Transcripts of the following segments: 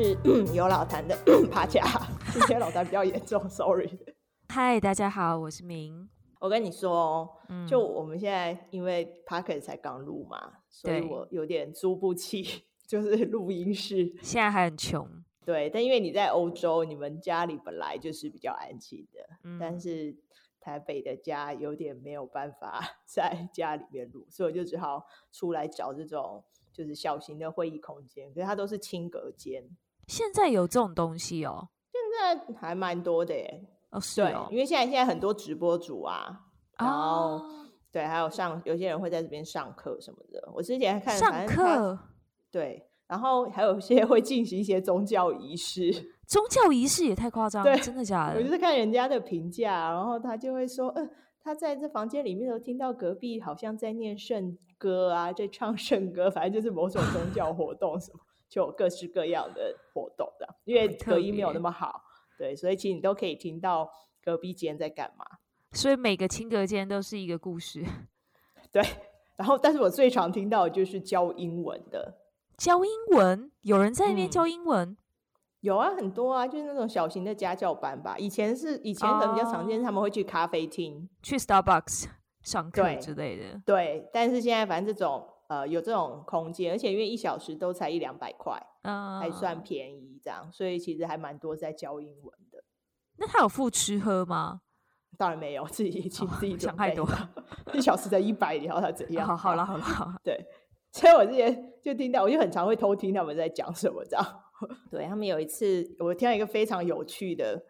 是 有老痰的帕恰， 今天老痰比較嚴重 ，sorry。嗨，大家好，我是明。我跟你說，就我們現在因為 Parket 才剛錄嘛、嗯，所以我有點租不起，就是錄音室。現在還很窮，對。但因為你在歐洲，你們家裡本來就是比較安靜的、嗯，但是台北的家有點沒有辦法在家裡面錄，所以我就只好出來找這種就是小型的會議空間，所以它都是輕隔間。現在有這種東西哦，現在還蠻多的耶。哦，是哦，對，因為現在現在很多直播主啊，然後、啊、對，還有上有些人會在這邊上課什麼的。我之前還看上課，對，然後還有些會進行一些宗教儀式。宗教儀式也太誇張了，對，真的假的？我就是看人家的評價，然後他就會說，嗯、呃，他在這房間裡面都聽到隔壁好像在念聖歌啊，在唱聖歌，反正就是某種宗教活動什麼。 就各式各樣的活動的，因為隔音沒有那麼好，啊、對，所以其實你都可以聽到隔壁間在幹嘛。所以每個清隔間都是一個故事。對，然後但是我最常聽到的就是教英文的。教英文？有人在那邊教英文？嗯？有啊，很多啊，就是那種小型的家教班吧。以前是以前的比較常見，uh, 他們會去咖啡廳、去 Starbucks 上課之類的對。對，但是現在反正這種。呃，有這種空間，而且因為一小時都才一兩百塊，uh, 還算便宜，這樣，所以其實還蠻多在教英文的。那他有付吃喝嗎？嗯，當然沒有，自己請自己。Oh, 自己我想太多， 一小時才一百，你要他怎樣？Oh, 好了好了，對。所以我之前就聽到，我就很常會偷聽他們在講什麼，這樣。對他們有一次，我聽到一個非常有趣的，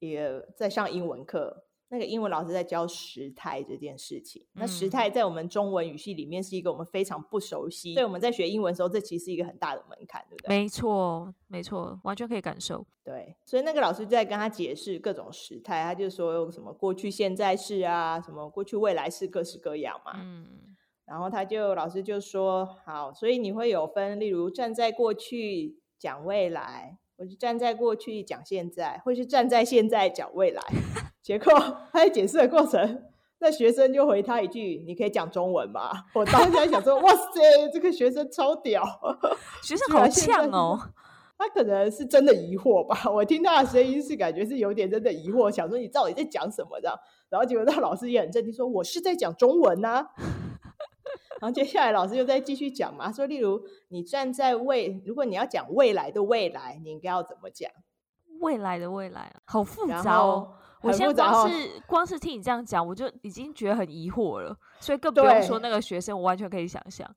也在上英文課。那個英文老師在教時態這件事情，那時態在我們中文語系裡面是一個我們非常不熟悉、嗯，所以我們在學英文的時候，這其實是一個很大的門檻，對不對？沒錯，沒錯，完全可以感受。對，所以那個老師在跟他解釋各種時態，他就說有什麼過去現在式啊，什麼過去未來式各式各樣嘛。嗯。然後他就老師就說：“好，所以你會有分，例如站在過去講未來，或是站在過去講現在，或是站在現在講未來。 ”結果他在解釋的過程，那學生就回他一句：“你可以講中文嗎？”我當下想說：“ 哇塞，這個學生超屌，學生好像哦。”他可能是真的疑惑吧？我聽他的聲音是感覺是有點真的疑惑，想說你到底在講什麼？這樣，然後結果那老師也很震驚，說：“我是在講中文呢、啊。 ”然後接下來老師又在繼續講嘛，說：“例如你站在未，如果你要講未來的未來，你應該要怎麼講？未來的未來啊，好複雜哦。”我現在光是光是聽你這樣講，我就已經覺得很疑惑了，所以更不用說那個學生，我完全可以想象。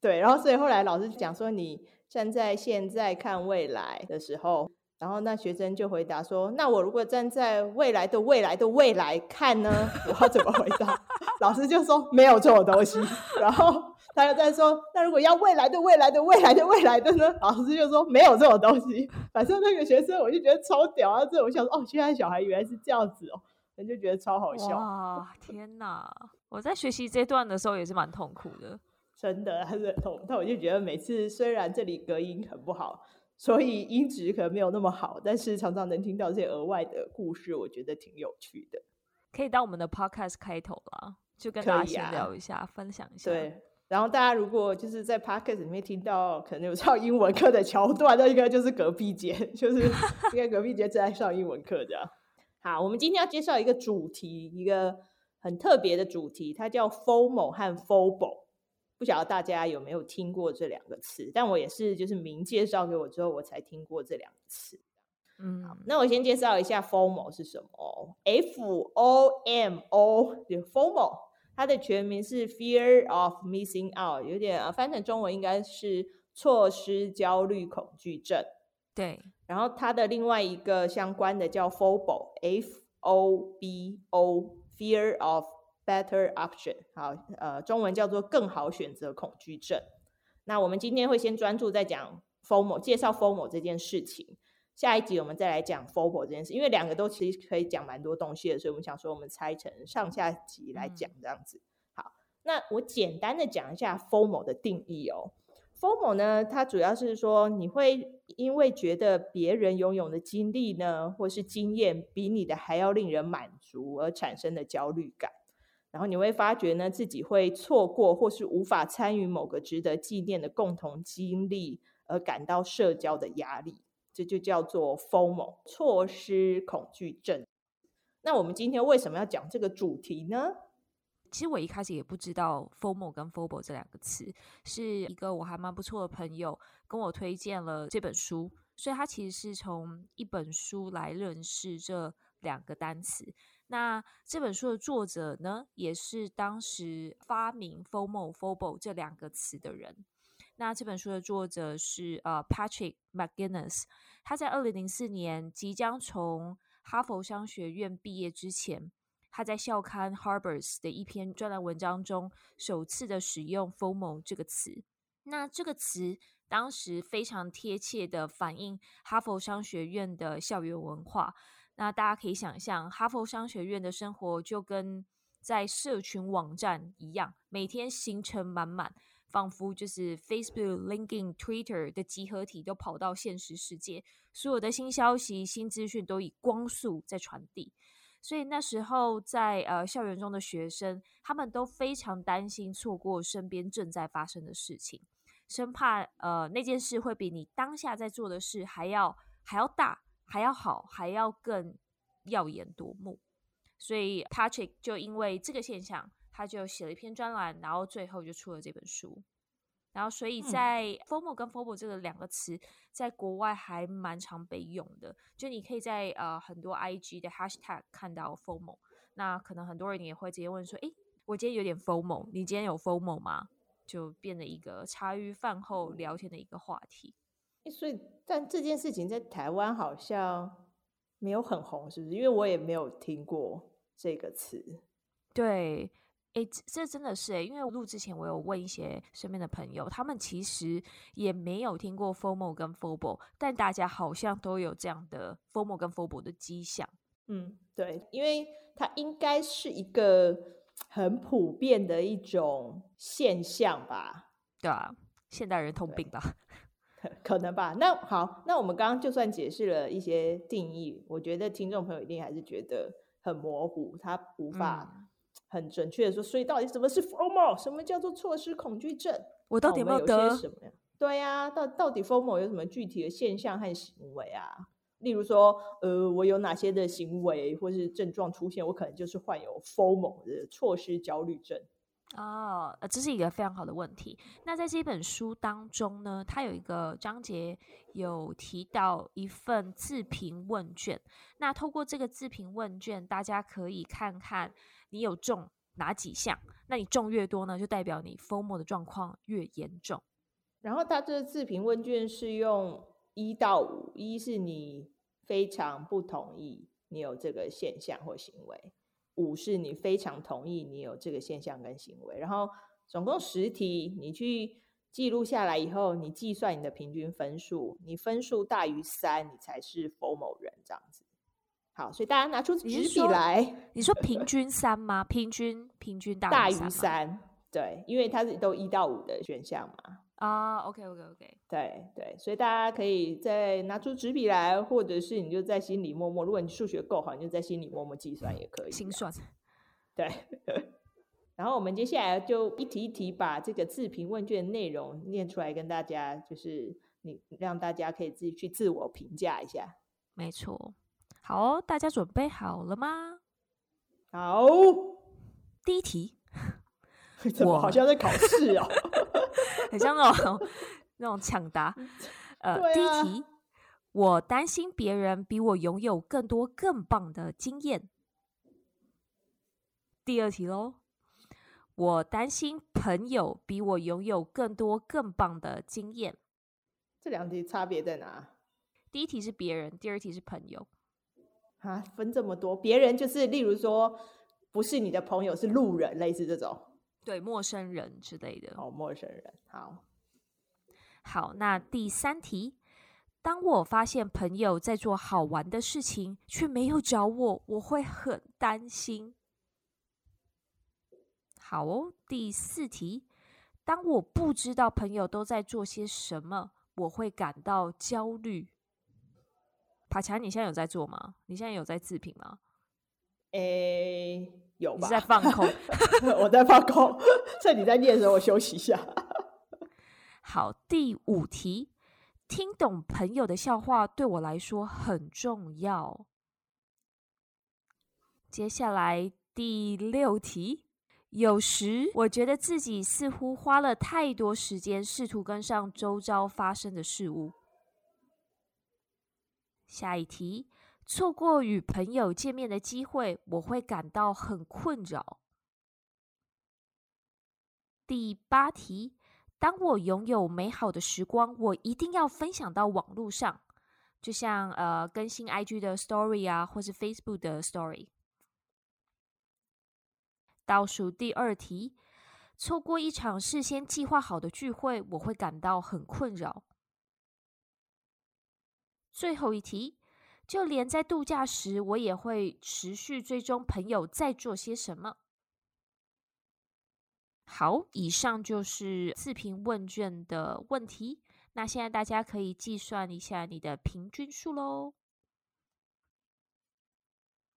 對，然後所以後來老師就講說，你站在現在看未來的時候，然後那學生就回答說，那我如果站在未來的未來的未來的未來看呢，我要怎麼回答？ 老師就說沒有這種東西。然後。他又在說：“那如果要未來的未來的未來的未來的，未來的呢？”老師就說：“沒有這種東西。”反正那個學生我就覺得超屌啊！這種想說：“哦，現在小孩原來是這樣子哦。”我就覺得超好笑。哇！天哪！我在學習這段的時候也是蠻痛苦的，真的還是很痛苦。但我就覺得每次雖然這裡隔音很不好，所以音質可能沒有那麼好，但是常常能聽到這些額外的故事，我覺得挺有趣的。可以當我們的 Podcast 開頭了，就跟大家聊一下，啊，分享一下。對。然後大家如果就是在 podcast 裡面聽到可能有上英文課的橋段，那應該就是隔壁間，就是應該隔壁間正在上英文課這樣。 好，我們今天要介紹一個主題，一個很特別的主題，它叫 FOMO 和 FOBO。不曉得大家有沒有聽過這兩個詞？但我也是，就是明介紹給我之後，我才聽過這兩個詞。嗯，好，那我先介紹一下 FOMO 是什麼。F O M O，就 FOMO。它的全名是 fear of missing out，有點啊，翻成中文應該是錯失焦慮恐懼症。對，然後它的另外一個相關的叫 FOBO, f o b o f o b o，fear of better option，好，呃，中文叫做更好選擇恐懼症。那我們今天會先專注在講 FOMO，介紹 FOMO 這件事情。下一集我們再來講 FOMO 這件事，因為兩個都其實可以講蠻多東西的，所以我們想說我們拆成上下集來講這樣子、嗯。好，那我簡單的講一下 FOMO 的定義哦。FOMO 呢，它主要是說你會因為覺得別人擁有的經歷呢，或是經驗比你的還要令人滿足而產生的焦慮感，然後你會發覺呢自己會錯過或是無法參與某個值得紀念的共同經歷而感到社交的壓力。這就叫做 FOMO 錯失恐懼症。那我們今天為什麼要講這個主題呢？其實我一開始也不知道 FOMO 跟 FOBO 這兩個詞，是一個我還蠻不錯的朋友跟我推薦了這本書，所以他其實是從一本書來認識這兩個單詞。那這本書的作者呢，也是當時發明 FOMO FOBO 這兩個詞的人。那這本書的作者是呃、uh, Patrick McGinnis，他在二零零四年即將從哈佛商學院畢業之前，他在校刊 Harbus 的一篇專欄文章中首次的使用 “FOMO” 這個詞。那這個詞當時非常貼切地反映哈佛商學院的校園文化。那大家可以想象，哈佛商學院的生活就跟在社群網站一樣，每天行程滿滿。仿佛就是 Facebook、LinkedIn、Twitter 的集合體都跑到現實世界，所有的新消息、新資訊都以光速在傳遞。所以那時候在，在呃校園中的學生，他們都非常擔心錯過身邊正在發生的事情，生怕呃那件事會比你當下在做的事還要還要大、還要好、還要更耀眼奪目。所以 Patrick 就因為這個現象。他就寫了一篇專欄，然後最後就出了這本書。然後，所以在 “FOMO” 跟 “FOMO” 這個兩個詞，在國外還蠻常被用的。就你可以在呃很多 IG 的 hashtag 看到 “FOMO”。那可能很多人也會直接問說：“哎，我今天有點 FOMO，你今天有 FOMO 嗎？”就變了一個茶餘飯後聊天的一個話題。所以但這件事情在台灣好像沒有很紅，是不是？因為我也沒有聽過這個詞。對。哎，這真的是哎，因為錄之前我有問一些身邊的朋友，他們其實也沒有聽過 FOMO 跟 FOBO，但大家好像都有這樣的 FOMO 跟 FOBO 的跡象。嗯，對，因為它應該是一個很普遍的一種現象吧？對啊，現代人通病吧？可能吧。那好，那我們剛剛就算解釋了一些定義，我覺得聽眾朋友一定還是覺得很模糊，他無法、嗯。很準確的說，所以到底什麼是 FOMO？什麼叫做錯失恐懼症？我到底有沒有得有什麼對呀？啊，到到底 FOMO 有什麼具體的現象和行為啊？例如說，呃，我有哪些的行為或者是症狀出現，我可能就是患有 FOMO 的錯失焦慮症。哦，這是一個非常好的問題。那在這本書當中呢，它有一個章節有提到一份自評問卷。那透過這個自評問卷，大家可以看看。你有中哪幾項？那你中越多呢，就代表你 FOMO 的狀況越嚴重。然後他這個自評問卷是用一到五，一是你非常不同意你有這個現象或行為，五是你非常同意你有這個現象跟行為。然後總共十題，你去記錄下來以後，你計算你的平均分數，你分數大於三，你才是 FOMO 人這樣子。好，所以大家拿出紙筆來。你是說，你說平均三嗎？平均平均大大於三？對，因為它是都一到五的選項嘛。啊、uh，OK OK OK 對。對對，所以大家可以再拿出紙筆來，或者是你就在心裡默默。如果你數學夠好，你就在心裡默默計算也可以。心算。對。 然後我們接下來就一題一題把這個自評問卷的內容念出來，跟大家就是你讓大家可以自己去自我評價一下。沒錯。好，大家準備好了嗎？好，第一題，我好像在考試哦、喔， 很像那種 那種搶答。呃、啊，第一題，我擔心別人比我擁有更多更棒的經驗。第二題嘍，我擔心朋友比我擁有更多更棒的經驗。這兩題差別在哪？第一題是別人，第二題是朋友。啊，分這麼多，別人就是，例如說，不是你的朋友，是路人，類似這種，對，陌生人之類的。Oh, 陌生人，好好。那第三題，當我發現朋友在做好玩的事情卻沒有找我，我會很擔心。好哦，第四題，當我不知道朋友都在做些什麼，我會感到焦慮。卡牆你現在有在做嗎？你現在有在自評嗎？誒、欸，有吧？在放空， 我在放空。趁你在念的時候，我休息一下。好，第五題，聽懂朋友的笑話對我來說很重要。接下來第六題，有時我覺得自己似乎花了太多時間試圖跟上周遭發生的事物。下一題，錯過與朋友見面的機會，我會感到很困擾。第八題，當我擁有美好的時光，我一定要分享到網絡上，就像呃更新 IG 的 story 啊，或是 Facebook 的 story。倒數第二題，錯過一場事先計劃好的聚會，我會感到很困擾。最後一題，就連在度假時，我也會持續追蹤朋友在做些什麼。好，以上就是自評問卷的問題。那現在大家可以計算一下你的平均數嘍。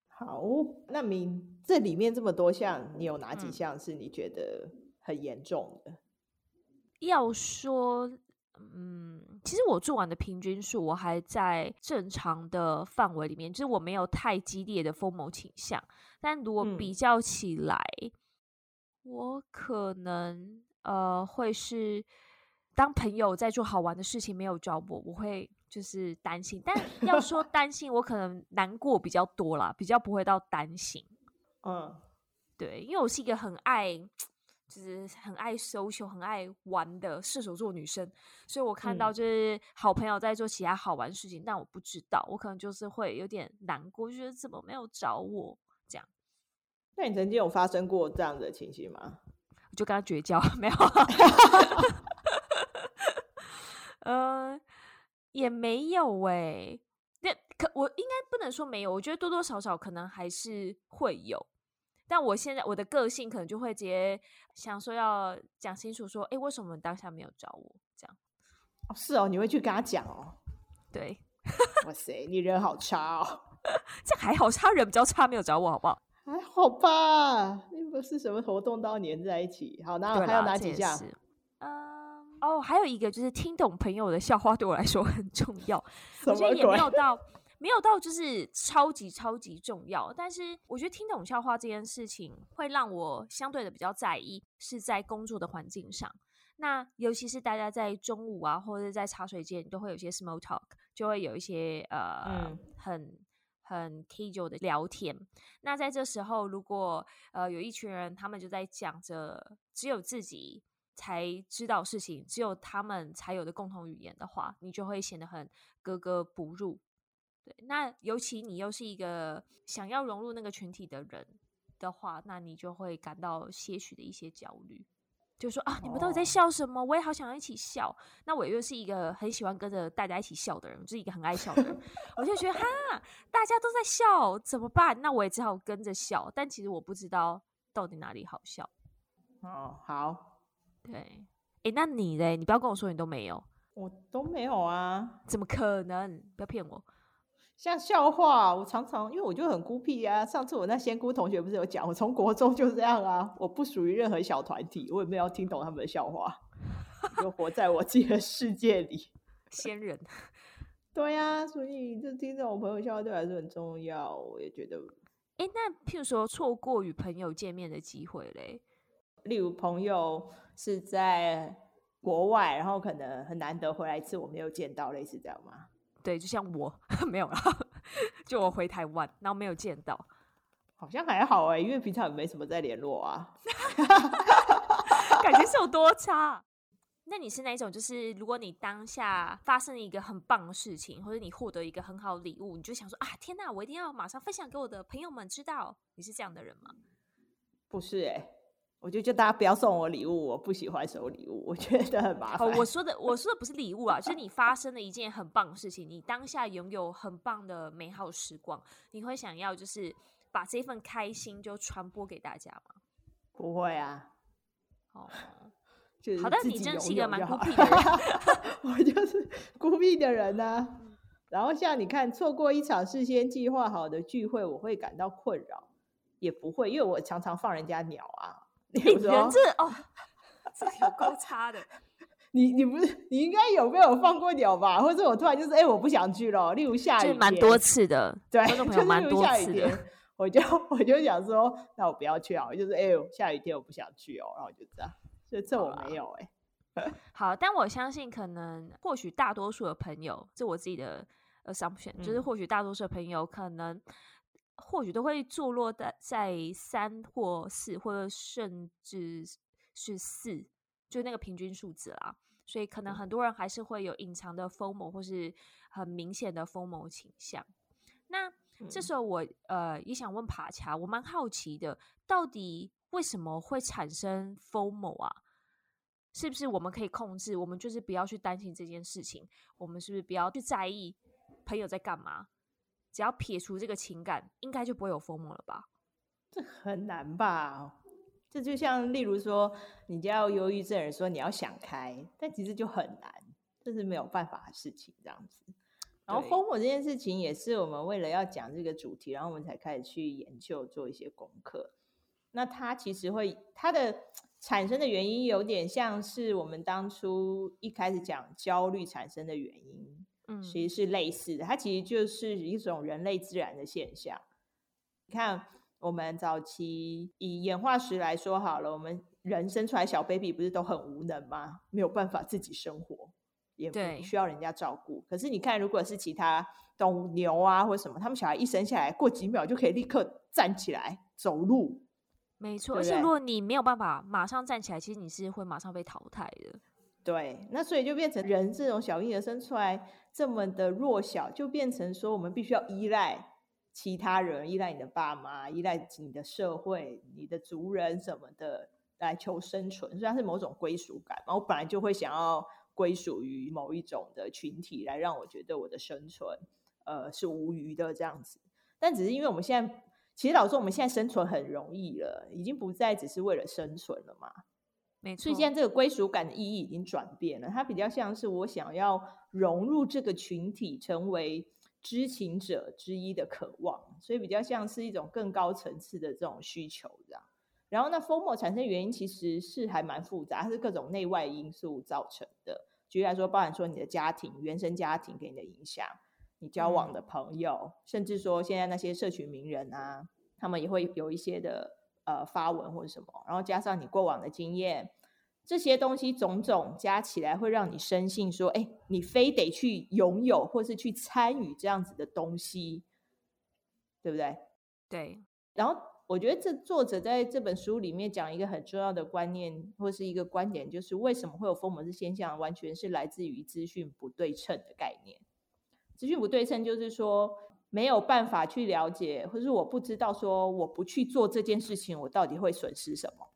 好，那你這裡面這麼多項，你有哪幾項是你覺得很嚴重的？嗯、要說。嗯，其實我做完的平均數，我還在正常的範圍裡面，就是我沒有太激烈的 FOMO 傾向。但如果比較起來，嗯、我可能呃會是當朋友在做好玩的事情沒有找我，我會就是擔心。但要說擔心，我可能難過比較多啦， 比較不會到擔心。嗯、uh.，對，因為我是一個很愛。就是很愛 social、很愛玩的射手座女生，所以我看到就是好朋友在做其他好玩的事情、嗯，但我不知道，我可能就是會有點難過，就是怎麼沒有找我這樣。那你曾經有發生過這樣的情形嗎？就跟他絕交沒有？嗯、 呃、也沒有誒、欸，那可我應該不能說沒有，我覺得多多少少可能還是會有。但我現在我的個性可能就會直接想說要講清楚說，哎、欸，為什麼你當下沒有找我？這樣，哦是哦，你會去跟他講哦。對， 哇塞，你人好差哦。 這還好，他人比較差，沒有找我，好不好？還好吧，又不是什麼活動都要黏在一起。好，那還有哪幾下？嗯，哦，還有一個就是聽懂朋友的笑話對我來說很重要，什麼我覺得也沒有到。沒有到就是超級超級重要，但是我覺得聽懂笑話這件事情會讓我相對的比較在意，是在工作的環境上。那尤其是大家在中午啊，或者在茶水間都會有些 small talk，就會有一些呃、嗯、很很 casual 的聊天。那在這時候，如果呃有一群人，他們就在講着只有自己才知道事情，只有他們才有的共同語言的話，你就會顯得很格格不入。對，那尤其你又是一個想要融入那個群體的人的話，那你就會感到些許的一些焦慮，就說啊，你們到底在笑什麼？我也好想要一起笑。那我又是一個很喜歡跟着大家一起笑的人，我、就是一個很愛笑的人， 我就覺得哈，大家都在笑，怎麼辦？那我也只好跟着笑。但其實我不知道到底哪裡好笑。哦、oh，好，對，誒、欸，那你嘞？你不要跟我說你都沒有，我都沒有啊？怎麼可能？不要騙我。像笑話，我常常因為我就很孤僻啊，上次我那仙姑同學不是有講，我從國中就這樣啊，我不屬於任何小團體，我也沒有聽懂他們的笑話， 就活在我自己的世界裡。仙人， 對呀、啊，所以就聽着我朋友笑話對還是很重要。我也覺得，誒、欸，那譬如說錯過與朋友見面的機會嘞，例如朋友是在國外，然後可能很難得回來一次，我沒有見到，類似這樣嗎？對，就像我沒有了，就我回台灣，然後沒有見到，好像還好哎、欸，因為平常也沒什麼在聯絡啊， 感覺是有多差。 那你是哪一種，就是如果你當下發生一個很棒的事情，或者你獲得一個很好禮物，你就想說啊，天哪，我一定要馬上分享給我的朋友們知道。你是這樣的人嗎？不是哎、欸。我就叫大家不要送我禮物，我不喜歡收禮物，我覺得很麻煩。好，我說的，我說的不是禮物啊， 就是你發生了一件很棒的事情，你當下擁有很棒的美好的時光，你會想要就是把這份開心就傳播給大家嗎？不會啊。好啊，就是好但的，你真是一個蠻孤僻的人。我就是孤僻的人呢、啊嗯。然後像你看，錯過一場事先計劃好的聚會，我會感到困擾，也不會，因為我常常放人家鳥啊。你人這哦 是有夠差的， 你你不是你應該有沒有放過鳥吧？或者我突然就是哎、欸、我不想去了，例如下雨天蠻、就是、多次的，對觀眾朋友蠻多次的。就是、我就我就想說，那我不要去哦，就是哎、欸、下雨天我不想去哦、喔，然後就這樣，所以這我沒有哎、欸。好，啊、 好，但我相信可能或許大多數的朋友，這我自己的 assumption，、嗯、就是或許大多數的朋友可能。或許都會坐落在在三或四，或者甚至是四，就那個平均數字啦。所以可能很多人還是會有隱藏的 FOMO，或是很明顯的 FOMO 傾向。那這時候我呃也想問爬牆，我蠻好奇的，到底為什麼會產生 FOMO 啊？是不是我們可以控制？我們就是不要去擔心這件事情，我們是不是不要去在意朋友在幹嘛？只要撇除這個情感，應該就不會有 FOMO 了吧？這很難吧？這就，就像例如說，你就要憂鬱症人說你要想開，但其實就很難，這是沒有辦法的事情。這樣子，然後 FOMO 這件事情也是我們為了要講這個主題，然後我們才開始去研究做一些功課。那它其實會它的產生的原因有點像是我們當初一開始講焦慮產生的原因。嗯，其實是類似的，它其實就是一種人類自然的現象。你看，我們早期以演化史來說好了，我們人生出來小 baby 不是都很無能嗎？沒有辦法自己生活，也需要人家照顧。可是你看，如果是其他動物，牛啊或什麼，他們小孩一生下來過幾秒就可以立刻站起來走路。沒錯，而且如果你沒有辦法馬上站起來，其實你是會馬上被淘汰的。對，那所以就變成人這種小嬰兒生出來。這麼的弱小，就變成說我們必須要依賴其他人，依賴你的爸媽，依賴你的社會、你的族人什麼的來求生存，所以它是某種歸屬感嘛。我本來就會想要歸屬於某一種的群體，來讓我覺得我的生存呃是無虞的這樣子。但只是因為我們現在其實老實說我們現在生存很容易了，已經不再只是為了生存了嘛。沒錯，所以現在這個歸屬感的意義已經轉變了，它比較像是我想要，融入這個群體，成為知情者之一的渴望，所以比較像是一種更高層次的這種需求這樣。然後，那 FOMO 產生原因其實是還蠻複雜，是各種內外因素造成的。舉例來說，包含說你的家庭、原生家庭給你的影響，你交往的朋友，嗯、甚至說現在那些社群名人啊，他們也會有一些的呃發文或者什麼，然後加上你過往的經驗。這些東西種種加起來，會讓你深信說：“哎，你非得去擁有或是去參與這樣子的東西，對不對？”對。然後我覺得這作者在這本書裡面講一個很重要的觀念，或是一個觀點，就是為什麼會有 FOMO 的現象，完全是來自於資訊不對稱的概念。資訊不對稱就是說沒有辦法去了解，或是我不知道說我不去做這件事情，我到底會損失什麼。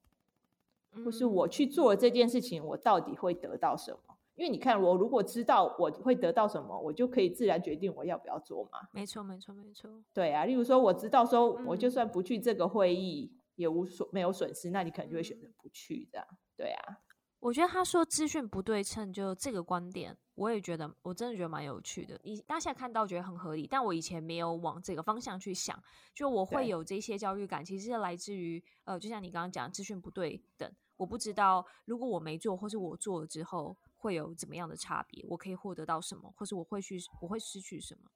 或是我去做這件事情，嗯，我到底會得到什麼？因為你看，我如果知道我會得到什麼，我就可以自然決定我要不要做嘛。沒錯，沒錯，沒錯。對啊，例如說，我知道說，我就算不去這個會議，也無所、嗯、沒有損失，那你可能就會選擇不去這樣、嗯、對啊。我覺得他說資訊不對稱，就這個觀點，我也覺得，我真的覺得蠻有趣的。你大家看到覺得很合理，但我以前沒有往這個方向去想，就我會有這些焦慮感，其實是來自於，呃，就像你剛剛講資訊不對等，我不知道如果我沒做，或是我做了之後會有怎麼樣的差別，我可以獲得到什麼，或是我會去，我會失去什麼。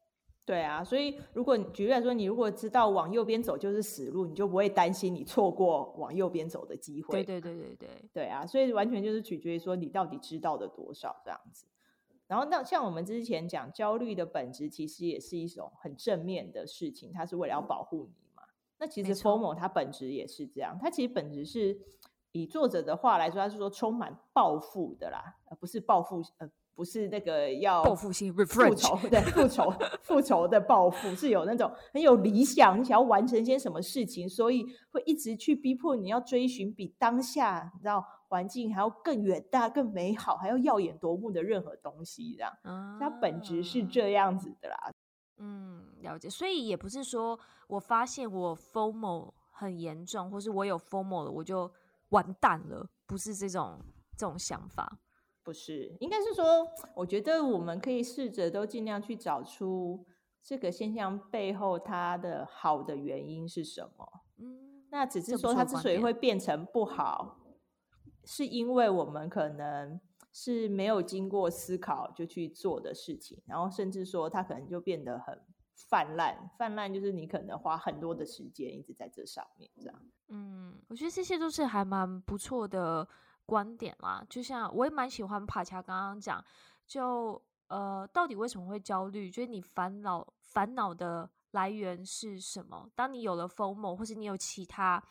對啊，所以如果舉例來說，你如果知道往右邊走就是死路，你就不會擔心你錯過往右邊走的機會。對對對對對，對啊，所以完全就是取決於說你到底知道的多少這樣子。然後那像我們之前講焦慮的本質，其實也是一種很正面的事情，它是為了要保護你嘛。那其實 f 某它本質也是這樣，它其實本質是以作者的話來說，他是說充滿報復的啦，而不是報復呃。不是那個要報復性，復仇對復仇、復 仇的報復，是有那種很有理想，你想要完成一些什麼事情，所以會一直去逼迫你要追尋比當下你知道環境還要更遠大、更美好、還要耀眼奪目的任何東西，這樣。嗯、啊，它本質是這樣子的啦。嗯，了解。所以也不是說我發現我 FOMO 很嚴重，或是我有 FOMO 了，我就完蛋了，不是這種這種想法。不是，應該是說，我覺得我們可以試着都盡量去找出這個現象背後它的好的原因是什麼。嗯，那只是說它之所以會變成不好，是因為我們可能是沒有經過思考就去做的事情，然後甚至說它可能就變得很泛濫。泛濫就是你可能花很多的時間一直在這上面這樣。嗯，我覺得這些都是還蠻不錯的觀點啦，就像我也蠻喜歡帕恰剛剛講，就呃，到底為什麼會焦慮？就是你煩惱煩惱的來源是什麼？當你有了 FOMO，或是你有其他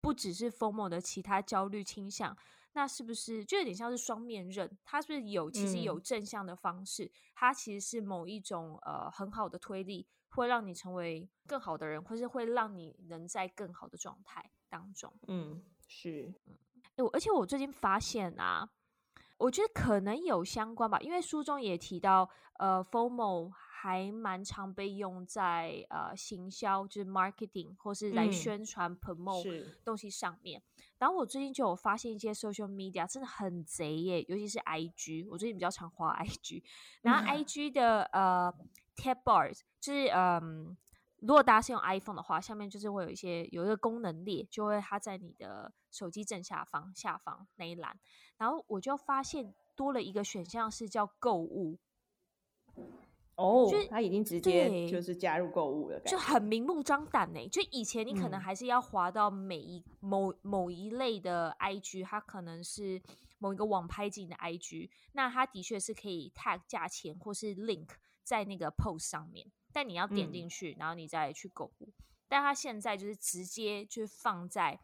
不只是 FOMO 的其他焦慮傾向，那是不是就有點像是雙面刃？它是不是有其實有正向的方式？嗯、它其實是某一種呃很好的推力，會讓你成為更好的人，或是會讓你能在更好的狀態當中。嗯，是，而且我最近發現啊，我覺得可能有相關吧，因為書中也提到，呃，FOMO 還蠻常被用在呃行銷，就是 marketing 或是來宣傳、嗯、promote 東西上面。然後我最近就有發現一些 social media 真的很賊耶，尤其是 IG，我最近比較常滑 IG，然後 IG 的、嗯啊、呃 tab bars 就是嗯。呃如果大家是用 iPhone 的話，下面就是會有一些有一個功能列，就會它在你的手機正下方下方那一欄，然後我就發現多了一個選項是叫購物哦，就它已經直接就是加入購物了，就很明目張膽誒、欸。就以前你可能還是要滑到每一、嗯、某某一類的 IG，它可能是某一個網拍店的 IG，那它的確是可以 tag 價錢或是 link 在那個 post 上面。但你要點進去、嗯，然後你再去購物。但他現在就是直接就放在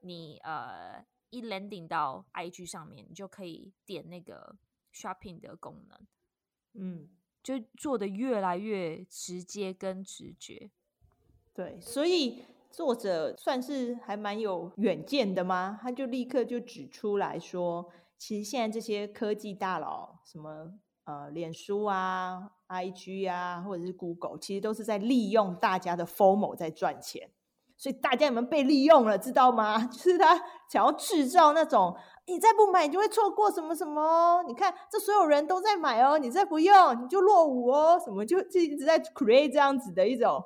你呃一 landing 到 IG 上面，你就可以點那個 shopping 的功能。嗯，就做得越來越直接跟直覺。對，所以作者算是還蠻有遠見的嘛，他就立刻就指出來說，其實現在這些科技大佬，什麼呃臉書啊。IG 啊，或者是 Google，其實都是在利用大家的 FOMO 在賺錢，所以大家有沒有被利用了？知道嗎？就是他想要制造那種，你再不買，你就會錯過什麼什麼。你看，這所有人都在買哦，你再不用，你就落伍哦。什麼就就一直在 create 這樣子的一種。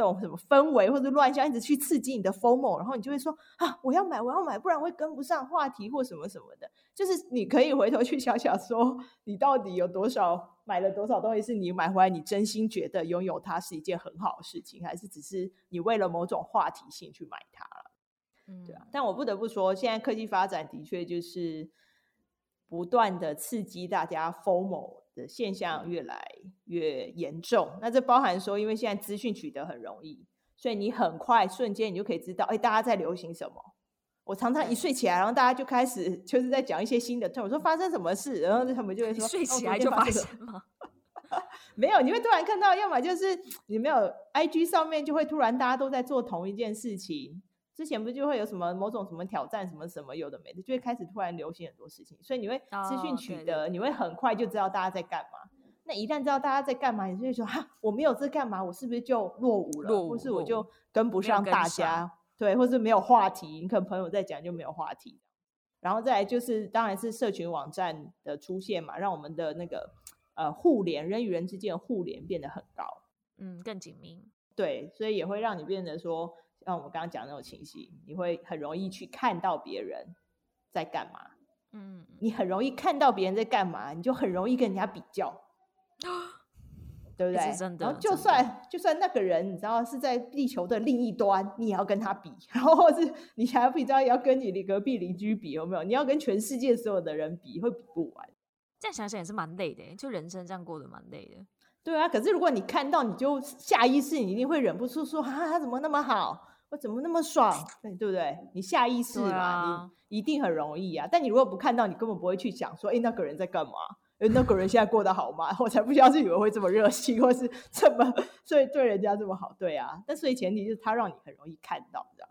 這種什麼氛圍或者亂象，一直去刺激你的 FOMO，然後你就會說啊，我要買，我要買，不然會跟不上話題或什麼什麼的。就是你可以回頭去想想說，說你到底有多少買了多少東西，是你買回來你真心覺得擁有它是一件很好的事情，還是只是你為了某種話題性去買它了？嗯。對啊。但我不得不說，現在科技發展的確就是不斷的刺激大家 FOMO。現象越來越嚴重，那這包含說，因為現在資訊取得很容易，所以你很快瞬間你就可以知道，哎、欸，大家在流行什麼。我常常一睡起來，然後大家就開始就是在講一些新的。我說發生什麼事，然後他們就會說睡起來就發生嗎？ 沒有，你會突然看到，要麼就是你沒有 IG 上面就會突然大家都在做同一件事情。之前不就會有什麼某種什麼挑戰什麼什麼有的沒的，就會開始突然流行很多事情，所以你會資訊取得、哦對對對，你會很快就知道大家在幹嘛。那一旦知道大家在幹嘛，你就會說哈，我沒有這幹嘛，我是不是就落伍了？落伍或是我就跟不上大家，對，或是沒有話題，哎、你可能朋友在講就沒有話題。然後再來就是，當然是社群網站的出現嘛，讓我們的那個呃互聯人與人之間的互聯變得很高，嗯，更緊密。對，所以也會讓你變得說。像我剛剛講的那種情緒，你會很容易去看到別人在幹嘛，嗯，你很容易看到別人在幹嘛，你就很容易跟人家比較，對不對？欸、是真的，然後就算就算那個人你知道是在地球的另一端，你也要跟他比，然後是你還比較也要跟你鄰隔壁鄰居比，有沒有？你要跟全世界所有的人比，會比不完。這樣想想也是蠻累的，就人生這樣過的蠻累的。對啊，可是如果你看到，你就下意識你一定會忍不住說：“啊，他怎麼那麼好？我怎麼那麼爽？”對，對不對？你下意識嘛、啊，你一定很容易啊。但你如果不看到，你根本不會去想說：“哎，那個人在幹嘛？哎，那個人現在過得好嗎？”我才不相信有人會這麼熱心或是這麼，所以對人家這麼好。對啊，但所以前提就是他讓你很容易看到的。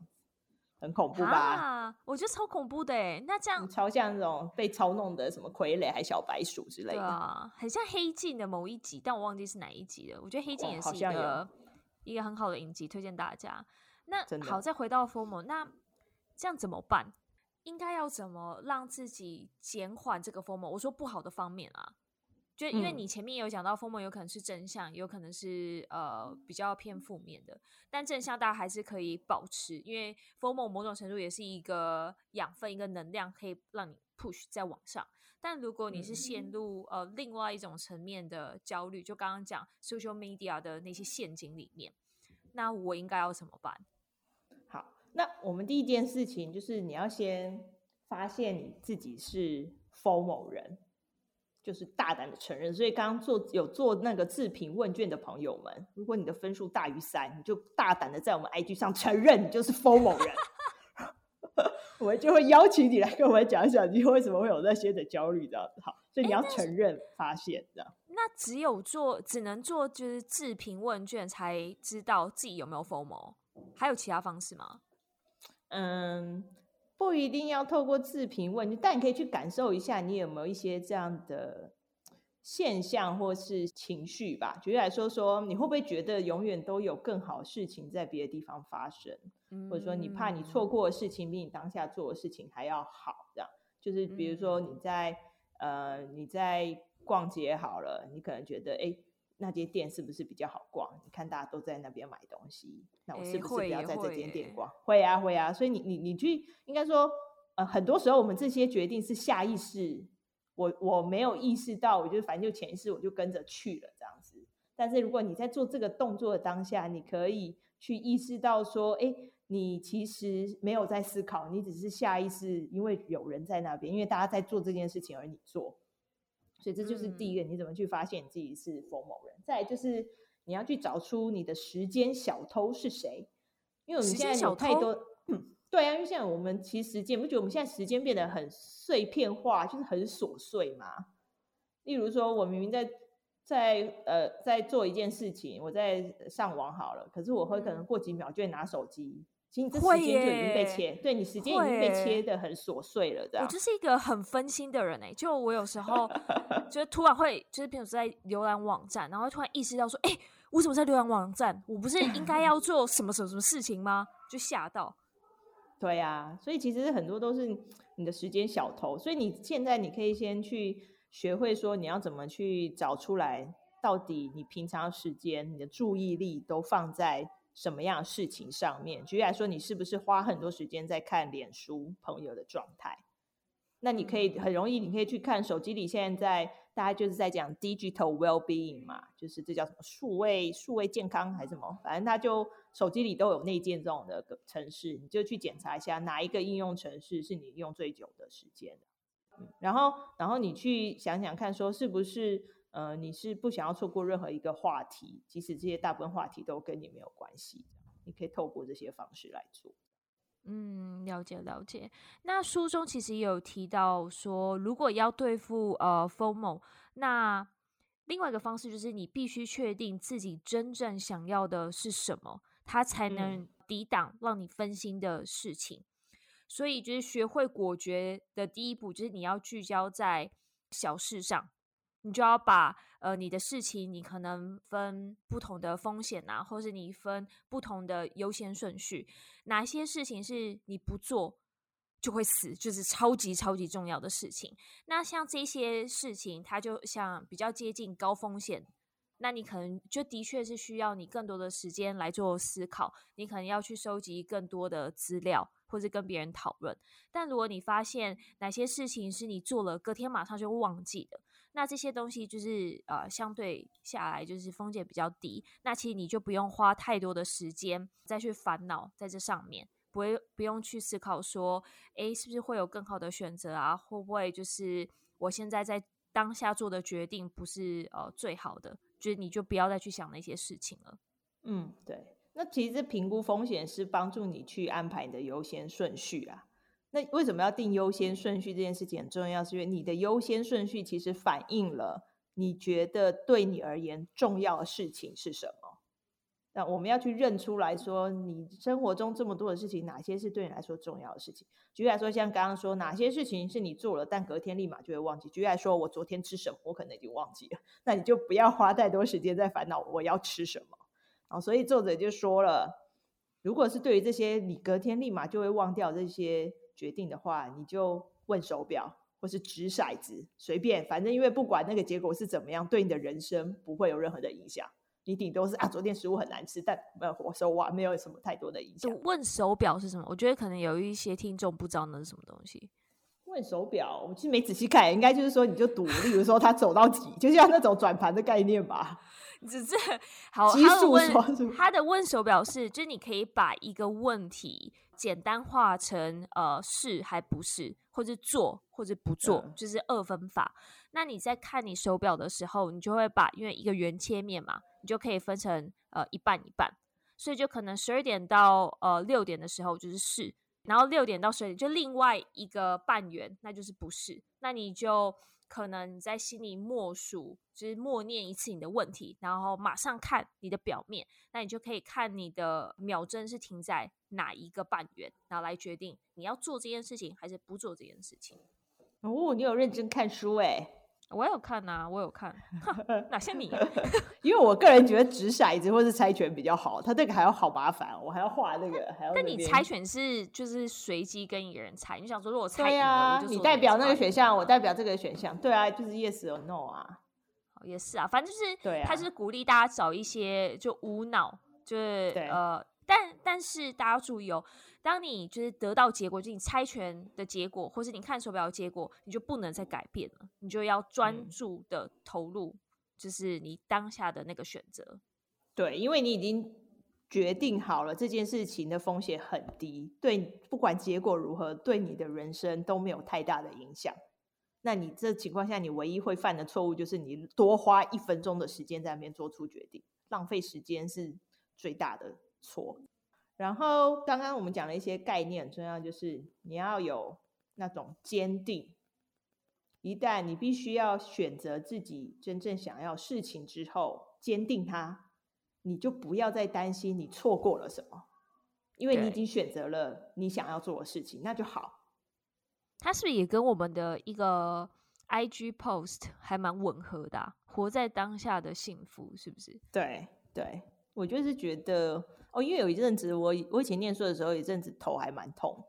很恐怖吧、啊？我覺得超恐怖的、欸、那這樣、嗯、超像那種被操弄的什麼傀儡，還是小白鼠之類的。啊、很像《黑鏡》的某一集，但我忘記是哪一集了。我覺得《黑鏡》也是一個、哦、一個很好的影集，推薦大家。那好，再回到 Formal。那這樣怎麼辦？應該要怎麼讓自己減緩這個 a l 我說不好的方面啊。就因為你前面有講到，FOMO 有可能是正向，有可能是呃比較偏負面的。但正向大家還是可以保持，因為 FOMO 某種程度也是一個養分，一個能量，可以讓你 push 再往上。但如果你是陷入、嗯、呃另外一種層面的焦慮，就剛剛講 social media 的那些陷阱裡面，那我應該要怎麼辦？好，那我們第一件事情就是你要先發現你自己是 FOMO 人。就是大膽的承認，所以剛剛做有做那個自評問卷的朋友們，如果你的分數大於三，你就大膽的在我們 IG 上承認你就是 FOMO 人， 我們就會邀請你來跟我們講一講你為什麼會有那些的焦慮的。好，所以你要承認發現的、欸。那只有做只能做就是自評問卷才知道自己有沒有 FOMO，還有其他方式嗎？嗯。不一定要透過自評問，但你可以去感受一下，你有沒有一些這樣的現象或是情緒吧？舉例來說，說，說你會不會覺得永遠都有更好的事情在別的地方發生，或者說你怕你錯過的事情比你當下做的事情還要好？這樣就是，比如說你在、嗯、呃你在逛街好了，你可能覺得哎。欸那間店是不是比較好逛？你看大家都在那邊買東西，那我是不是不要在這間店逛？欸，會也會也。會啊，會啊。所以你你你去，應該說，呃，很多時候我們這些決定是下意識，我我沒有意識到，我就反正就潛意識我就跟着去了這樣子。但是如果你在做這個動作的當下，你可以去意識到說，誒、欸，你其實沒有在思考，你只是下意識，因為有人在那邊，因為大家在做這件事情，而你做。所以這就是第一個，嗯、你怎麼去發現自己是 FOMO 人？再來就是你要去找出你的時間小偷是誰？因為我們現在有太多、嗯。對啊，因為現在我們其實時間，不覺得我們現在時間變得很碎片化，就是很瑣碎嘛。例如說，我明明在在呃在做一件事情，我在上網好了，可是我會可能過幾秒就會拿手機。嗯其實這時間就已經被切，欸、對你時間已經被切得很瑣碎了的、欸。我就是一個很分心的人哎、欸，就我有時候 就是突然會就是比如說在瀏覽網站，然後突然意識到說，哎、欸，我怎麼在瀏覽網站？我不是應該要做什麼什麼什麼事情嗎？ 就嚇到。對呀、啊，所以其實很多都是你的時間小偷，所以你現在你可以先去學會說你要怎麼去找出來，到底你平常時間你的注意力都放在。什麼樣事情上面？舉例來說，你是不是花很多時間在看臉書朋友的狀態？那你可以很容易，你可以去看手機裡現在大家就是在講 digital well being 嘛，就是這叫什麼數位數位健康還是什麼？反正它就手機裡都有內建這種的程式，你就去檢查一下哪一個應用程式是你用最久的時間的。嗯，然後然後你去想想看，說是不是？呃，你是不想要錯過任何一個話題，即使這些大部分話題都跟你沒有關係，你可以透過這些方式來做。嗯，了解了解。那書中其實有提到說，如果要對付呃 FOMO，FOMO，那另外一個方式就是你必須確定自己真正想要的是什麼，它才能抵擋讓你分心的事情。嗯、所以，就是學會果決的第一步，就是你要聚焦在小事上。你就要把呃你的事情，你可能分不同的風險啊，或是你分不同的優先順序，哪些事情是你不做就會死，就是超級超級重要的事情。那像這些事情，它就像比較接近高風險，那你可能就的確是需要你更多的時間來做思考，你可能要去收集更多的資料，或者跟別人討論。但如果你發現哪些事情是你做了，隔天馬上就忘記的。那這些東西就是呃，相對下來就是風險比較低。那其實你就不用花太多的時間再去煩惱在這上面，不會不用去思考說，哎、欸，是不是會有更好的選擇啊？會不會就是我現在在當下做的決定不是呃最好的？就是你就不要再去想那些事情了。嗯，對。那其實評估風險是幫助你去安排你的優先順序啊。那為什麼要定優先順序這件事情很重要？是因為你的優先順序其實反映了你覺得對你而言重要的事情是什麼。那我們要去認出來說，你生活中這麼多的事情，哪些是對你來說重要的事情？舉例來說，像剛剛說，哪些事情是你做了，但隔天立馬就會忘記？舉例來說，我昨天吃什麼，我可能已經忘記了，那你就不要花太多時間在煩惱我要吃什麼。所以作者就說了，如果是對於這些你隔天立馬就會忘掉這些。決定的話，你就問手表，或是擲骰子，隨便，反正因為不管那個結果是怎麼樣，對你的人生不會有任何的影響。你頂多是啊，昨天食物很難吃，但沒有，我說哇，沒有什麼太多的影響。問手表是什麼？我覺得可能有一些聽眾不知道那是什麼東西。問手表，我其實沒仔細看，應該就是說你就賭， 比如說它走到幾，就像、是、那種轉盤的概念吧。只是好，是是他的問他的問手表是，就是你可以把一個問題簡單化成呃，是還不是，或者做或者不做，就是二分法。那你在看你手表的時候，你就會把因為一個圓切面嘛，你就可以分成呃一半一半，所以就可能十二點到呃六點的時候就是是，然後六點到十二點就另外一個半圓，那就是不是，那你就。可能你在心裡默數，就是默念一次你的問題，然後馬上看你的表面，那你就可以看你的秒針是停在哪一個半圓，然後來決定你要做這件事情還是不做這件事情。哦，你有認真看書哎、欸。我有看吶，啊，我有看。 哪像你？啊？ 因為我個人覺得擲骰子，或是猜拳比較好，他這個還要好麻煩，哦，我還要畫，這個，還要那個。但你猜拳是就是隨機跟一個人猜，你想說如果猜你對，啊、你代表那個選項，我代表這個選項，對啊，就是 yes or no 啊，哦，也是啊，反正就是，對、啊，他是鼓勵大家找一些就無腦，就是對呃，但但是大家注意哦。當你就是得到結果，就是、你猜拳的結果，或是你看手表的結果，你就不能再改變了，你就要專注的投入，就是你當下的那個選擇、嗯。對，因為你已經決定好了這件事情的風險很低，對，不管結果如何，對你的人生都沒有太大的影響。那你這情況下，你唯一會犯的錯誤就是你多花一分鐘的時間在那邊做出決定，浪費時間是最大的錯。然後剛剛我們講的一些概念很重要，就是你要有那種堅定。一旦你必須要選擇自己真正想要的事情之後，堅定它，你就不要再擔心你錯過了什麼，因為你已經選擇了你想要做的事情，那就好。它是不是也跟我們的一個 IG post 還蠻吻合的啊？活在當下的幸福是不是？對對，我就是覺得。哦，因為有一陣子我我以前念書的時候，有一陣子頭還蠻痛，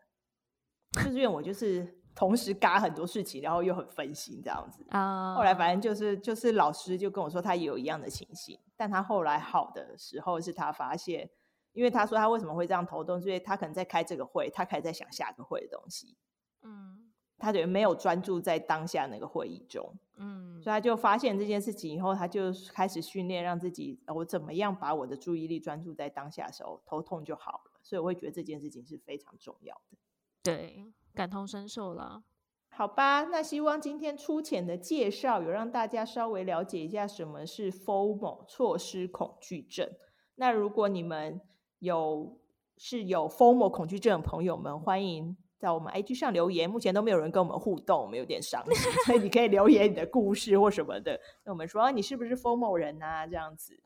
就是因為我就是同時幹很多事情，然後又很分心這樣子。Oh. 後來反正就是就是老師就跟我說，他也有一樣的情形，但他後來好的時候是他發現，因為他說他為什麼會這樣頭痛，所以他可能在開這個會，他可能在想下一個會的東西。嗯。他等於沒有專注在當下那個會議中，嗯，所以他就發現這件事情以後，他就開始訓練讓自己，哦、我怎麼樣把我的注意力專注在當下的時候，頭痛就好了。所以我會覺得這件事情是非常重要的。對，感同身受了，好吧？那希望今天粗淺的介紹有讓大家稍微了解一下什麼是 FOMO，錯失恐懼症。那如果你們有是有 FOMO 恐懼症的朋友們，歡迎。在我們 IG 上留言，目前都沒有人跟我們互動，我們有點傷心。所以你可以留言你的故事或什麼的。 那我們說，啊，你是不是 FOMO 人啊？這樣子。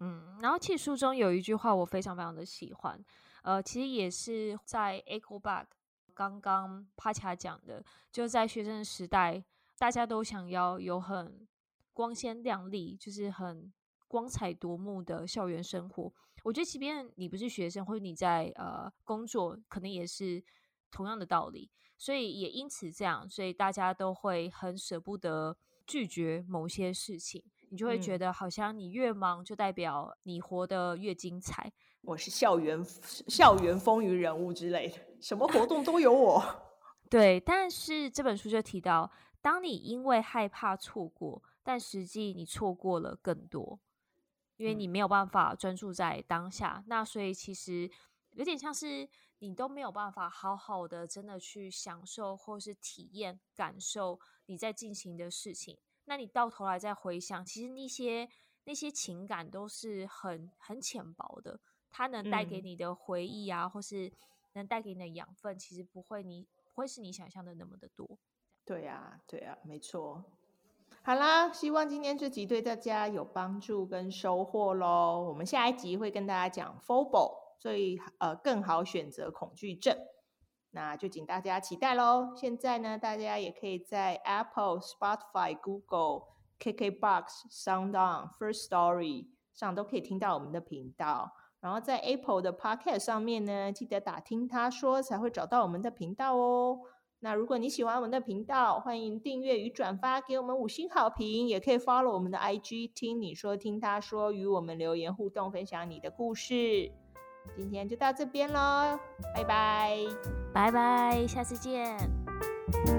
嗯，然後其實書中有一句話我非常非常的喜歡，呃，其實也是在 Echo Back 剛剛 Pacha 講的，就在學生時代，大家都想要有很光鮮亮麗，就是很光彩奪目的校園生活。我覺得，即便你不是學生，或者你在呃工作，可能也是。同樣的道理，所以也因此這樣，所以大家都會很捨不得拒絕某些事情，你就會覺得好像你越忙就代表你活得越精彩。嗯、我是校園校園風雲人物之類的，什麼活動都有我。 對，但是這本書就提到，當你因為害怕錯過，但實際你錯過了更多，因為你沒有辦法專注在當下。嗯、那所以其實有點像是。你都沒有辦法好好的，真的去享受或是體驗感受你在進行的事情。那你到頭來再回想，其實那些那些情感都是很很淺薄的，它能帶給你的回憶啊，嗯、或是能帶給你的養分，其實不會你，你不會是你想象的那麼的多。對呀、啊，對呀、啊，沒錯。好啦，希望今天這集對大家有幫助跟收穫嘍。我們下一集會跟大家講 FOBO 所以，呃，更好選擇恐懼症，那就請大家期待嘍。現在呢，大家也可以在 Apple、Spotify、Google、KKBox、SoundOn、First Story 上都可以聽到我們的頻道。然後在 Apple 的 Podcast 上面呢，記得打聽他說才會找到我們的頻道哦。那如果你喜歡我們的頻道，歡迎訂閱與轉發，給我們五星好評，也可以 follow 我們的 IG，聽你說，聽他說，與我們留言互動，分享你的故事。今天就到這邊嘍，拜拜，拜拜，下次見。